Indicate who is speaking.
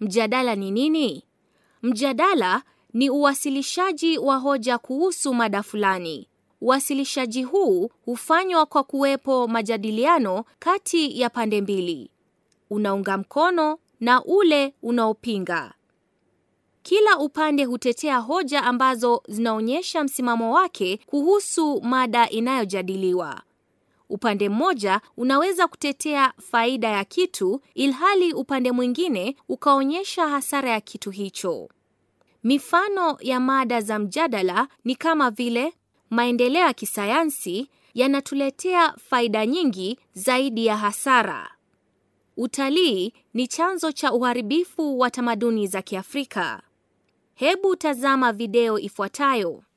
Speaker 1: Mjadala ni nini? Mjadala ni uwasilishaji wa hoja kuhusu mada fulani. Uwasilishaji huu hufanywa kwa kuwepo majadiliano kati ya pande mbili, unaunga mkono na ule unaopinga. Kila upande hutetea hoja ambazo zinaonyesha msimamo wake kuhusu mada inayojadiliwa. Upande mmoja unaweza kutetea faida ya kitu ilhali upande mwingine ukaonyesha hasara ya kitu hicho. Mifano ya mada za mjadala ni kama vile maendeleo ya kisayansi yanatuletea faida nyingi zaidi ya hasara. Utalii ni chanzo cha uharibifu wa tamaduni za Kiafrika. Hebu tazama video ifuatayo.